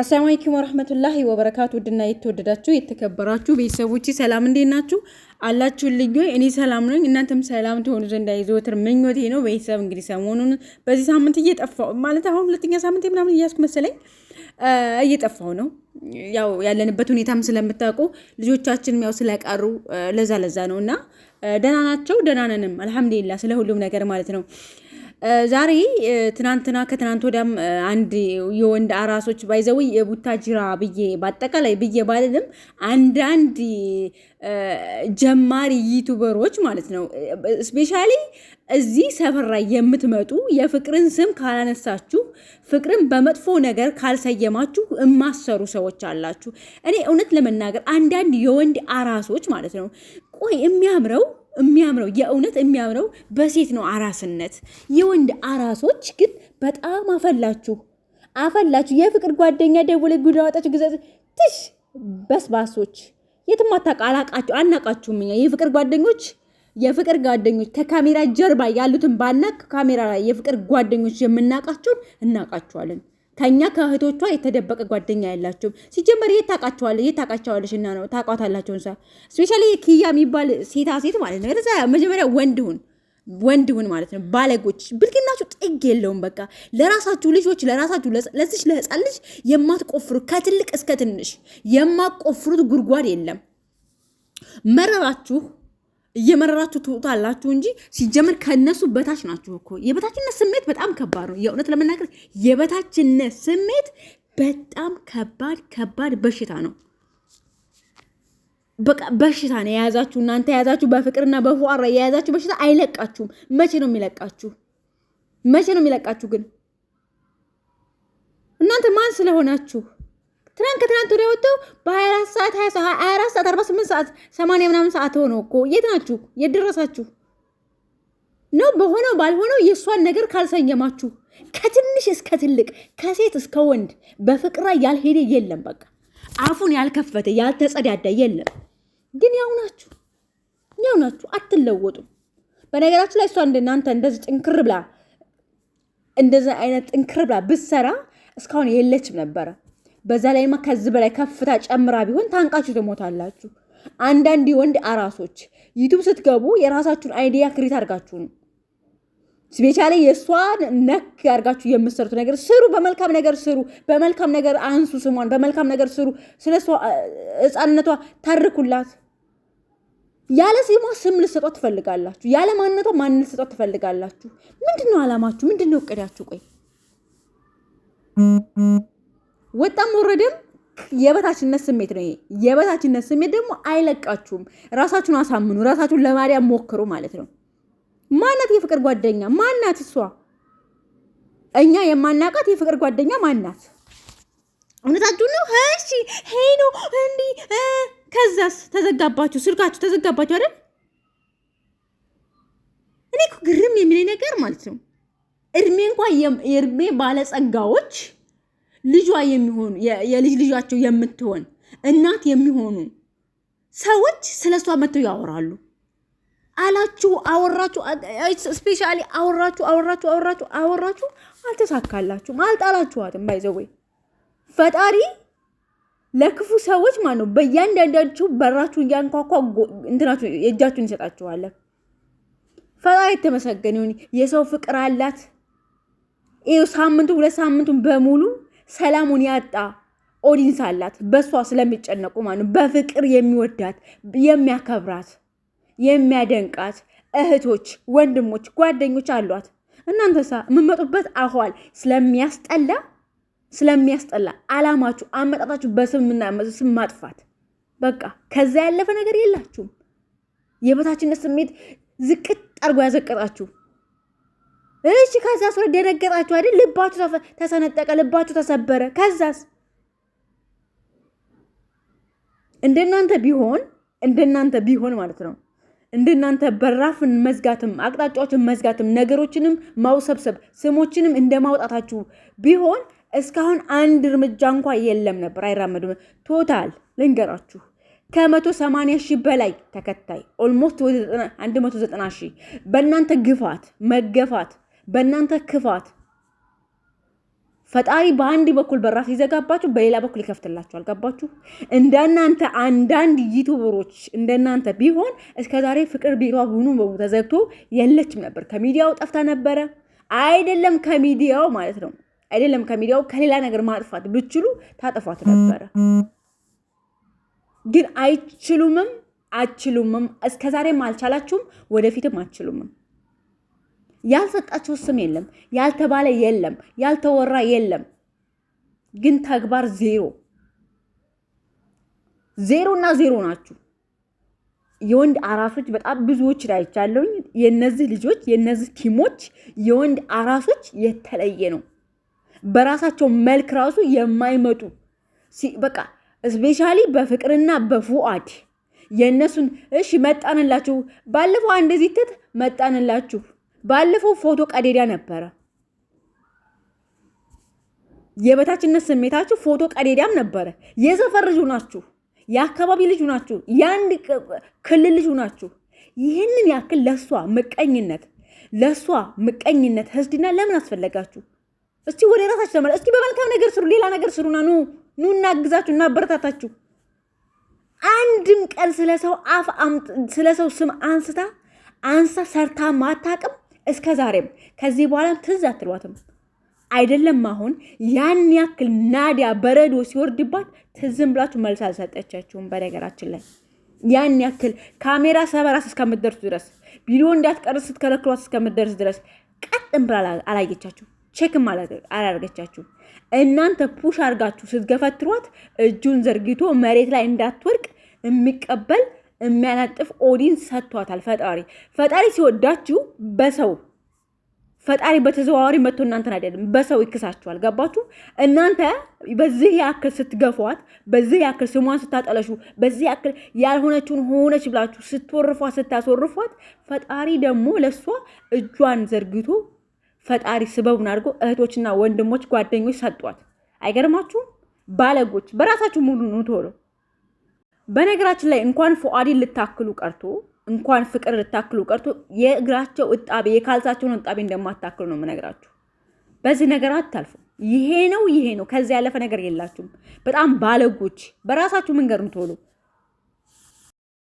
አሰላሙ አለይኩም ወራህመቱላሂ ወበረካቱ። ውድና የተወደዳችሁ የተከበራችሁ ቤተሰቦች ሰላም እንዴት ናችሁ? አላችሁልኝ? እኔ ሰላም ነኝ፣ እናንተም ሰላም ትሆኑ ዘንድ የዘወትር ምኞቴ ነው። ቤተሰብ እንግዲህ ሰሞኑን በዚህ ሳምንት እየጠፋው ማለት አሁን ሁለተኛ ሳምንት ምናምን እያስኩ መሰለኝ እየጠፋው ነው። ያው ያለንበት ሁኔታም ስለምታውቁ ልጆቻችንም ያው ስለቀሩ ለዛ ለዛ ነው እና ደህና ናቸው። ደህና ነንም አልሐምዱሊላህ ስለ ሁሉም ነገር ማለት ነው። ዛሬ ትናንትና ከትናንት ወዲያም አንድ የወንድ አራሶች የቡታ ጅራ ብዬ በአጠቃላይ ብዬ ባልልም አንዳንድ ጀማሪ ዩቱበሮች ማለት ነው ስፔሻሊ እዚህ ሰፈር ላይ የምትመጡ የፍቅርን ስም ካላነሳችሁ ፍቅርን በመጥፎ ነገር ካልሰየማችሁ እማሰሩ ሰዎች አላችሁ። እኔ እውነት ለመናገር አንዳንድ የወንድ አራሶች ማለት ነው ቆይ የሚያምረው የሚያምረው የእውነት የሚያምረው በሴት ነው አራስነት። የወንድ አራሶች ግን በጣም አፈላችሁ አፈላችሁ። የፍቅር ጓደኛ ደውላ ጉድ አወጣችሁ ግዛት ትሽ በስባሶች የትም አታውቃላችሁ፣ አናውቃችሁም። እኛ የፍቅር ጓደኞች የፍቅር ጓደኞች ከካሜራ ጀርባ ያሉትን ባናቅ፣ ካሜራ ላይ የፍቅር ጓደኞች የምናውቃቸውን እናውቃችኋለን። ከኛ ከእህቶቿ የተደበቀ ጓደኛ ያላቸውም ሲጀመር የት ታውቃቸዋለሽ? የት ታውቃቸዋለሽ? እና ነው ታውቃታላቸውን ሰ ስፔሻሊ ክያ የሚባል ሴታ ሴት ማለት ነው። ከዛ መጀመሪያ ወንድሁን ወንድሁን ማለት ነው። ባለጎች ብልግናችሁ ጥግ የለውም። በቃ ለራሳችሁ ልጆች ለራሳችሁ ለዚች ለህፃን ልጅ የማትቆፍሩ ከትልቅ እስከ ትንሽ የማቆፍሩት ጉድጓድ የለም። መረራችሁ እየመረራችሁ አላችሁ እንጂ ሲጀምር ከእነሱ በታች ናችሁ እኮ። የበታችነት ስሜት በጣም ከባድ ነው። የእውነት ለመናገር የበታችነት ስሜት በጣም ከባድ ከባድ በሽታ ነው። በቃ በሽታ ነው የያዛችሁ። እናንተ የያዛችሁ በፍቅርና በፏራ የያዛችሁ በሽታ አይለቃችሁም። መቼ ነው የሚለቃችሁ? መቼ ነው የሚለቃችሁ? ግን እናንተ ማን ስለሆናችሁ ትናንት ከትናንት ወዲያ ወጥተው በ24 ሰዓት 24 ሰዓት 48 ሰዓት 80 ምናምን ሰዓት ሆኖ እኮ የት ናችሁ? የት ደረሳችሁ ነው? በሆነው ባልሆነው የእሷን ነገር ካልሰየማችሁ ከትንሽ እስከ ትልቅ ከሴት እስከ ወንድ በፍቅራ ያልሄደ የለም። በቃ አፉን ያልከፈተ ያልተጸዳዳ የለም። ግን ያው ናችሁ፣ ያው ናችሁ፣ አትለወጡም። በነገራችሁ ላይ እሷ እንደናንተ እንደዚህ ጥንክር ብላ እንደዚህ አይነት ጥንክር ብላ ብትሰራ እስካሁን የለችም ነበረ። በዛ ላይማ ከዚህ በላይ ከፍታ ጨምራ ቢሆን ታንቃችሁ ትሞታላችሁ። አንዳንድ ወንድ አራሶች ዩቱብ ስትገቡ የራሳችሁን አይዲያ ክሪት አድርጋችሁ ነው ስቤቻ ላይ የእሷን ነክ አድርጋችሁ የምትሰሩት ነገር ስሩ። በመልካም ነገር ስሩ። በመልካም ነገር አንሱ ስሟን፣ በመልካም ነገር ስሩ። ስለ እሷ ታርኩላት። ያለ ስሟ ስም ልሰጧት ትፈልጋላችሁ። ያለ ማንነቷ ማን ልሰጧት ትፈልጋላችሁ? ምንድን ነው አላማችሁ? ምንድን ነው እቅዳችሁ? ቆይ ወጣም ወረደም የበታችነት ስሜት ነው። የበታችነት ስሜት ደግሞ አይለቃችሁም። ራሳችሁን አሳምኑ፣ ራሳችሁን ለማዳን ሞክሩ ማለት ነው። ማናት የፍቅር ጓደኛ ማናት? እሷ እኛ የማናቃት የፍቅር ጓደኛ ማናት? እውነታችሁ ነው። እሺ ሄይ ነው ከዛስ ተዘጋባችሁ፣ ስልካችሁ ተዘጋባችሁ አይደል? እኔ እኮ ግርም የሚለኝ ነገር ማለት ነው እድሜ እንኳ የእድሜ ባለጸጋዎች ልጇ የሚሆኑ የልጅ ልጃቸው የምትሆን እናት የሚሆኑ ሰዎች ስለ እሷ መጥተው ያወራሉ። አላችሁ አወራችሁ፣ ስፔሻሊ አወራችሁ አወራችሁ አወራችሁ አወራችሁ፣ አልተሳካላችሁም። አልጣላችኋትም። ባይዘወይ ፈጣሪ ለክፉ ሰዎች ማለት ነው በእያንዳንዳችሁ በራችሁ እያንኳኳ እንትናችሁ የእጃችሁን ይሰጣችኋለን። ፈጣሪ የተመሰገነ ይሁን። የሰው ፍቅር አላት። ይኸው ሳምንቱ ሁለት ሳምንቱን በሙሉ ሰላሙን ያጣ ኦዲንስ አላት። በእሷ ስለሚጨነቁ ማነው በፍቅር የሚወዳት የሚያከብራት፣ የሚያደንቃት እህቶች፣ ወንድሞች፣ ጓደኞች አሏት። እናንተሳ የምመጡበት አኋል ስለሚያስጠላ ስለሚያስጠላ አላማችሁ አመጣጣችሁ በስምና ስም ማጥፋት በቃ ከዛ ያለፈ ነገር የላችሁም። የበታችነት ስሜት ዝቅጥ አድርጎ ያዘቀጣችሁ። እሺ ከዛ ስረ ደነገጣችሁ አይደል? ልባችሁ ተሰነጠቀ፣ ልባችሁ ተሰበረ። ከዛስ እንደናንተ ቢሆን እንደናንተ ቢሆን ማለት ነው እንደናንተ በራፍን መዝጋትም አቅጣጫዎችን መዝጋትም ነገሮችንም ማውሰብሰብ ስሞችንም እንደ ማውጣታችሁ ቢሆን እስካሁን አንድ እርምጃ እንኳ የለም ነበር። አይራመዱም። ቶታል ልንገራችሁ ከመቶ ሰማንያ ሺህ በላይ ተከታይ ኦልሞስት ወደ አንድ መቶ ዘጠና ሺህ በእናንተ ግፋት መገፋት በእናንተ ክፋት ፈጣሪ በአንድ በኩል በራፍ ይዘጋባችሁ፣ በሌላ በኩል ይከፍትላችሁ። አልገባችሁ? እንደናንተ አንዳንድ ዩቱበሮች እንደናንተ ቢሆን እስከዛሬ ፍቅር ቤቷ ሁኑ ተዘግቶ የለችም ነበር። ከሚዲያው ጠፍታ ነበረ። አይደለም ከሚዲያው ማለት ነው። አይደለም ከሚዲያው ከሌላ ነገር ማጥፋት ብችሉ ታጠፏት ነበረ። ግን አይችሉምም፣ አችሉምም። እስከዛሬም አልቻላችሁም፣ ወደፊትም አችሉምም። ያልሰጣቸው ስም የለም፣ ያልተባለ የለም፣ ያልተወራ የለም። ግን ተግባር ዜሮ ዜሮ እና ዜሮ ናችሁ። የወንድ አራሶች በጣም ብዙዎች አይቻለሁኝ። የነዚህ ልጆች የነዚህ ቲሞች የወንድ አራሶች የተለየ ነው። በራሳቸው መልክ ራሱ የማይመጡ በቃ ስፔሻሊ በፍቅርና በፉአድ የእነሱን እሺ መጣንላችሁ። ባለፈው እንደዚህ ትት መጣንላችሁ ባለፈው ፎቶ ቀዴዳ ነበረ። የበታችነት ስሜታችሁ ፎቶ ቀዴዳም ነበረ። የሰፈር ልጁ ናችሁ፣ የአካባቢ ልጁ ናችሁ፣ የአንድ ክልል ልጁ ናችሁ። ይህንን ያክል ለእሷ ምቀኝነት ለእሷ ምቀኝነት ህዝድና ለምን አስፈለጋችሁ? እስቲ ወደ ራሳችሁ ተመለ እስቲ በመልካም ነገር ስሩ፣ ሌላ ነገር ስሩና ኑ ኑ እናግዛችሁ፣ እናበረታታችሁ። አንድም ቀን ስለ ሰው አፍ ስለ ሰው ስም አንስታ አንሳ ሰርታ ማታቅም እስከ ዛሬም ከዚህ በኋላም ትዝ አትሏትም። አይደለም አሁን ያን ያክል ናዲያ በረዶ ሲወርድባት ትዝም ብላችሁ መልስ አልሰጠቻችሁም። በነገራችን ላይ ያን ያክል ካሜራ ሰበራስ እስከምትደርሱ ድረስ ቪዲዮ እንዳትቀርስ ስትከለክሏት እስከምትደርስ ድረስ ቀጥም ብላ አላየቻችሁ፣ ቼክም አላርገቻችሁ እናንተ ፑሽ አድርጋችሁ ስትገፈትሯት እጁን ዘርግቶ መሬት ላይ እንዳትወርቅ የሚቀበል የሚያነጥፍ ኦዲን ሰጥቷታል ፈጣሪ። ፈጣሪ ሲወዳችሁ በሰው ፈጣሪ በተዘዋዋሪ መጥቶ እናንተን አይደለም በሰው ይክሳችኋል። ገባችሁ? እናንተ በዚህ ያክል ስትገፏት፣ በዚህ ያክል ስሟን ስታጠለሹ፣ በዚህ ያክል ያልሆነችውን ሆነች ብላችሁ ስትወርፏት፣ ስታስወርፏት ፈጣሪ ደግሞ ለእሷ እጇን ዘርግቶ ፈጣሪ ስበቡን አድርጎ እህቶችና ወንድሞች ጓደኞች ሰጧት። አይገርማችሁም? ባለጎች በራሳችሁ ሙሉ ነው ቶሎ በነገራችን ላይ እንኳን ፉአዲን ልታክሉ ቀርቶ እንኳን ፍቅር ልታክሉ ቀርቶ የእግራቸው እጣቤ የካልሳቸውን እጣቤ እንደማታክሉ ነው የምነግራችሁ። በዚህ ነገር አታልፉ። ይሄ ነው ይሄ ነው፣ ከዚያ ያለፈ ነገር የላችሁም። በጣም ባለጎች በራሳችሁ መንገድ ምትሆኑ